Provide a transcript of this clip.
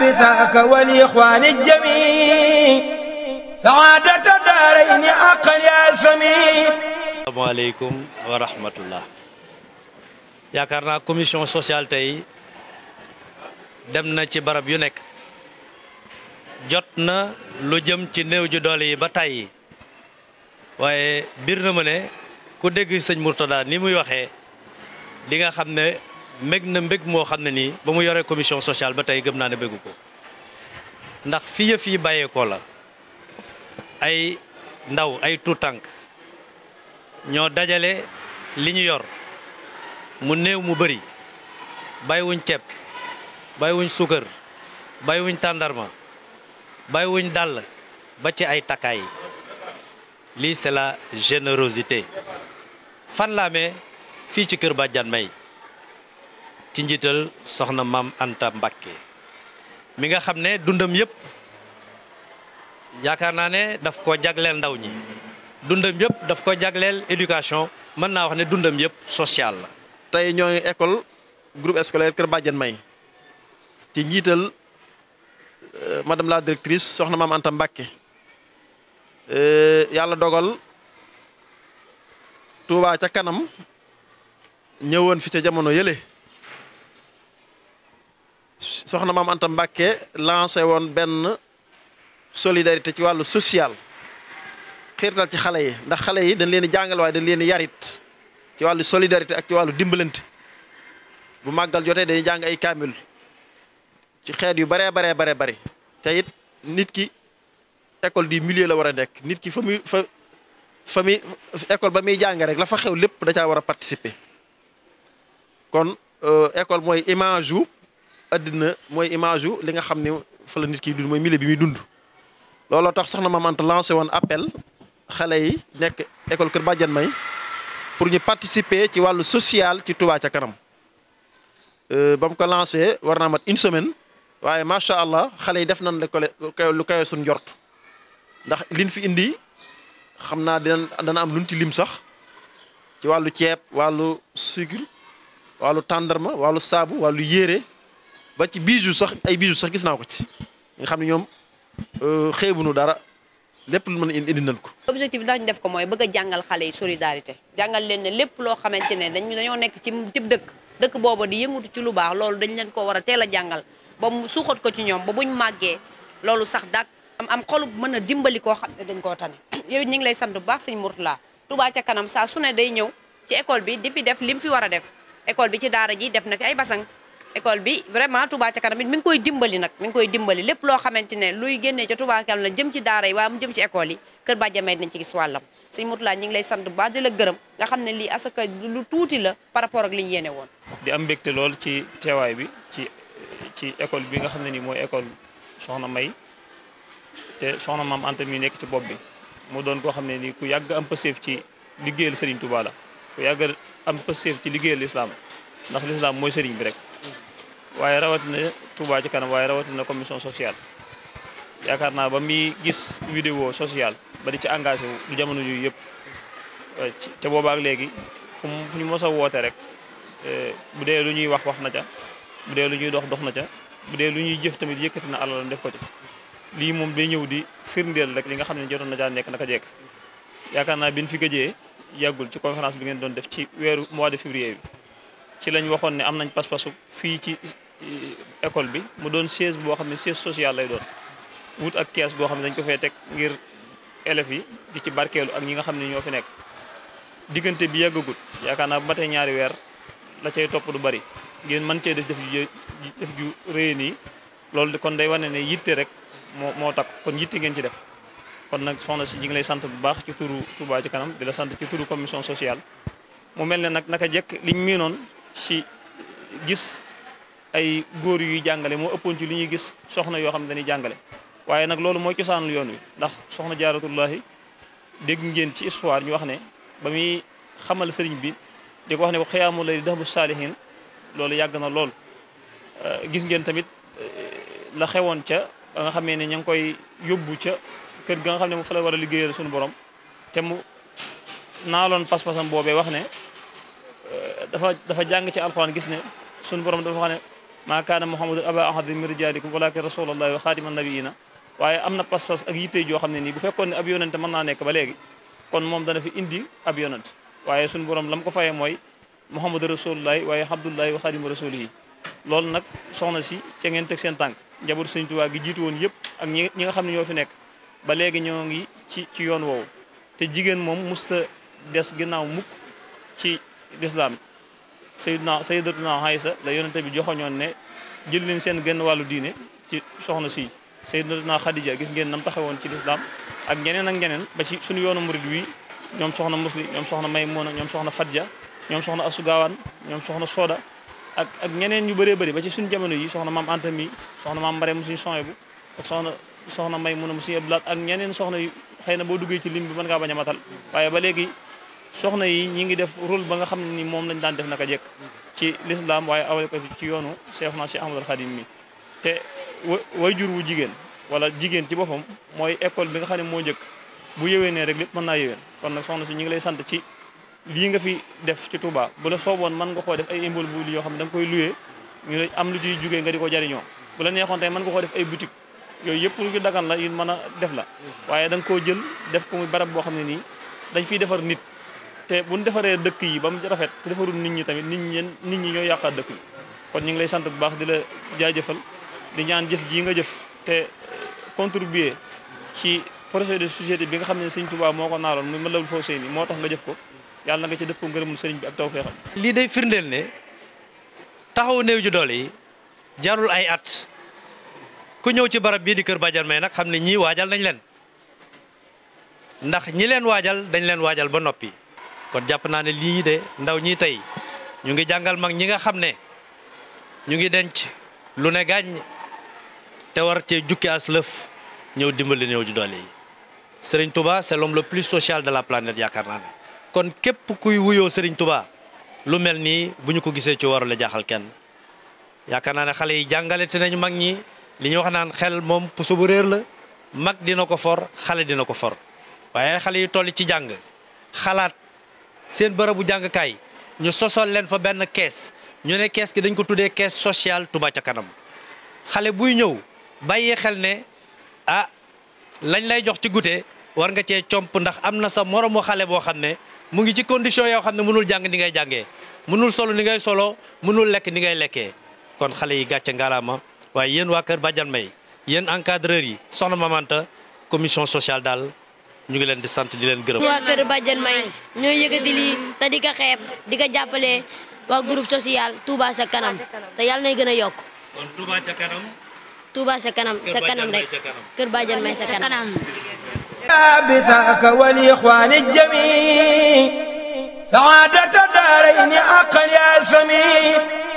بذاك والإخوان الجميع yaakaar naa commission sociale tey dem na ci barab yu nekk jot na lu jëm ci néew ju doole yi ba tàyyi waaye bir na ma ne ku dégg sëñ Mourtada ni muy waxee di xam ne mbég na mbég moo xam ne nii ba mu yoree commission sociale ba tey gëm naa ne bégu ko ndax fi yëf yi bàyyeekoo la ay ndaw ay tuutànk ñoo dajale li ñu yor mu néew mu bëri bàyyiwuñ ceeb bàyyiwuñ suukar bàyyiwuñ tàndarma bàyyiwuñ dàll ba ci ay takkaay yi lii c'est la générosité fan laa me fii ci kër Badiane May ci njiital soxna maam Anta Mbakke mi nga xam ne dundam yëpp yaakaar naa ne daf ko jagleel ndaw ñi dundam yëpp daf ko jagleel éducation mën naa wax ne dundam yëpp sociale la. tey ñoo école groupe scolaire Kër Badiane May ci njiital euh, madame la directrice soxna maam Anta Mbakke euh, yàlla dogal Touba ca kanam ñëwoon fi ca jamono yële. soxna maam Anta Mbàkke lancé woon benn solidarité ci wàllu social xiirtal ci xale yi ndax xale yi dañ leen di jàngal waaye dañ leen di yarit ci wàllu solidarité ak ci wàllu dimbalante bu màggal jotee dañuy jàng ay kaamil ci xeet yu baree baree baree bëri te it nit ki école du milieu la war a nekk nit ki fa muy fa fa école ba muy jàng rek la fa xew lépp da caa war a participer kon euh, école mooy image yu àddina mooy image yu li nga xam ne fala la nit kiy dund mooy milieu bi muy dund looloo tax sax na Maam Anta lancé woon appel xale yi nekk école Kër Badiane May pour ñu participer ci wàllu social ci Touba ca kanam euh, ba mu ko lancé war naa mat une semaine waaye macha allah xale yi def nañ la lu kawe suñ njort ndax lin fi indi xam naa dinañ dana am luñ ci lim sax ci wàllu ceeb wàllu sucre wàllu tàndarma wàllu saabu wàllu yére ba ci bijoux sax ay bijoux sax gis naa ko ci nga xam ne ñoom euh, xeebunu dara lépp lu mën a indi nañ ko. objectif bi ndax ñu def ko mooy bëgg a jàngal xale yi solidarité jàngal leen ne lépp loo xamante ne dañ dañoo nekk ci tib dëkk dëkk booba di yëngatu ci lu baax dañ leen ko war a teel a jàngal ba mu suuxat ko ci ñoom ba buñ màggee loolu sax dàq am am xolub mën a dimbali koo xam ne dañ koo tane yow ñu ngi lay sant bu baax sëñ Mourtala Touba ca kanam saa su ne day ñëw ci école bi di fi def lim fi war a def école bi ci daara ji def na fi ay basang école bi vraiment Touba ca kanam mi ngi koy dimbali nag mi ngi koy dimbali lépp loo xamante ne luy génnee ca Touba la jëm ci daara yi waaye mu jëm ci école yi kër Badia ci gis wàllam sëñ ñu ngi lay sant ba di la gërëm nga xam ne lii asaka lu tuuti la par rapport ak li ñu yéene am mbégte lool ci teewaay bi ci ci école bi nga xam ne nii mooy école soxna May te soxna maam Anta mi nekk ci bopp bi mu doon koo xam ne nii ku yàgg am pasif ci liggéeyal Serigne Touba la ku yàgg am pasif ci liggéeyal lislaam ndax lislaam mooy Serigne bi rek waaye rawatina Touba ci kanam waaye rawatina commission sociale yaakaar naa ba muy gis vidéo sociale ba di ci engage wu du jamono yu yëpp euh, ca boobaak léegi fu ñu mos a woote rek euh, bu dee lu ñuy wax wax na ca bu dee lu ñuy dox dox na ca bu dee lu ñuy jëf tamit yëkkati na alalam def ko ci lii moom day ñëw di firndeel rek li nga xam ne jotoon na caa nekk naka jekk yaakaar naa bi ñu fi gëjee yàggul ci conférence bi ngeen doon def ci weeru mois de février bi ci école bi mu doon chaise boo xam ne chaise sociale lay doon wut ak kees goo xam ne dañ ko fee teg ngir élèves yi di ci barkeelu ak ñi nga xam ne ñoo fi nekk diggante bi yàggagut yaakaar naa bu matee ñaari weer la cay topp lu bari ngeen mën cee def def ju def ju rëy nii kon day wane ne yitte rek moo moo takk kon yitte ngeen ci def kon nag soxna si ñu ngi lay sant bu baax ci turu Touba ci kanam di la sant ci turu commission sociale mu mel ne nag naka jekk liñ ay góor yuy jàngale moo ëppoon ci li ñuy gis soxna yoo xam ne dañuy jàngale waaye nag loolu mooy cosaanul yoon wi ndax soxna jaaratullahi dégg ngeen ci histoire ñu wax ne ba muy xamal sëriñ bi di ko wax ne ko xiyaamu lay dax bu saalihin loolu yàgg na lool euh, gis ngeen tamit euh, la xewoon ca ba nga xamee ne ña ngi koy yóbbu ca kër ga nga xam ne mu fa war a liggéeyal suñu borom te mu naaloon pas-pasam boobee wax ne euh, dafa dafa jàng ci alxuraan gis ne suñu borom dafa wax ne maa kaana muhammadun aba ahadin min rijaalikum walakin rasulallahi wa waaye am na pas-pas ak yitte joo xam ne nii bu fekkoon ne ab yonante mën naa nekk ba léegi kon moom dana fi indi ab yonante waaye suñu borom lam ko fayee mooy muhammadu rasulullahi waaye abdullahi wa xaatimu rasulihi loolu nag soxna si ca ngeen teg seen tànk njabootu Sëriñ Tuubaa gi jiitu woon yëpp ak ñi nga xam ne ñoo fi nekk ba léegi ñoo ngi ci ci yoon woowu te jigéen moom musta des ginnaaw mukk ci lislaam Seydina Seydatuna Aysa la yonente bi joxoñoon ne jël leen seen genn wàllu diine ci soxna si Seydatuna Xadija gis ngeen nam taxawoon ci lislaam ak ñeneen ak ñeneen ba ci suñu yoonu murid wi ñoom soxna Musli ñoom soxna Maymuna ñoom soxna Fadja ñoom soxna Asugaawaan ñoom soxna Sooda ak ak ñeneen ñu bëree bëri ba ci suñu jamono yi soxna maam Anta mi soxna maam Mbare mu suñu soxna bu ak soxna soxna Maymuna mu suñu Abdulaat ak ñeneen soxna yu xëy na boo duggee ci lim bi mën ngaa bañ a matal waaye ba léegi soxna yi ñi ngi def rôle ba nga xam ni moom lañ daan def naka jekk ci lislaam waaye awale ko ci yoonu Cheikh na Cheikh Ahmadul Khadim mi te way jur wu jigéen wala jigéen ci boppam mooy école bi nga xam ne moo njëkk bu yëwéenee rek lépp mën naa yëwéen kon nag soxna si ñu ngi lay sant ci lii nga fi def ci Touba bu la sooboon mën nga koo def ay immeuble bu yoo xam ne danga koy loué ñu am lu ciy jugee nga di ko jariñoo bu la neexoon tey mën nga koo def ay boutique yooyu yëpp lu ci dagan la yu mën a def la mm-hmm. waaye da koo jël def ko muy boo xam ne nii dañ fiy defar nit te bu ñu defaree dëkk yi ba mu rafet te defarul nit ñi tamit nit ñi nit ñi ñoo yàqaat dëkk bi kon ñu ngi lay sant bu baax di la jaajëfal di ñaan jëf jii nga jëf te contribuer ci projet de société bi nga xam ne sëñ Touba moo ko naaloon muy Matlaboul Fawzayni moo tax nga jëf ko yàlla nga ci def ko ngërëmul sëriñ bi ak tawfeexam lii day firndeel ne taxaw néew ju doole yi jarul ay at ku ñëw ci barab bii di kër Badiane May nag xam ne ñii waajal nañ leen ndax ñi leen waajal dañ leen waajal ba noppi kon jàpp naa ne lii de ndaw ñii tey ñu ngi jàngal mag ñi nga xam ne ñu ngi denc lu ne gàññ te war cee jukki as ñëw dimbali néew ju doole yi sëriñ tubaa c'est le plus sociale de la planète yaakaar naa ne kon képp kuy wuyoo sëriñ Touba lu mel nii bu ñu ko gisee ci warule jaaxal kenn yaakaar naa ne xale yi jàngale te nañu mag ñi li ñu wax naan xel moom puso bu réer la mag dina ko for xale dina ko for waaye xale yi toll ci jàng xalaat seen bërëbu jàngkaay ñu sosol leen fa benn kees ñoo ne kees gi dañ ko tuddee kees sociale Touba ca kanam xale buy ñëw bàyyi xel ne ah lañ lay jox ci goûter war nga cee comp ndax am na sa moromu xale boo xam ne mu ngi ci condition yoo xam ne mënul jàng ni ngay jàngee munul solo ni ngay solo mënul lekk ni ngay lekkee kon xale yi gàcce ngalaama waaye yéen waa kër Badiane May yéen encadreur yi soxna Mamanta commission sociale daal ñu ngi leen di sant di leen gërëm. waa kër Badiane May ñoo yëkkati lii te di ko xeeb di ko jàppale waa groupe social Touba sa kanam te yàlla nay gën a yokk. kon Touba sa kanam. Touba sa kanam sa kanam rek kër Badiane May sa kanam. بساك والإخوان الجميع سعادة دارين أقل يا سميع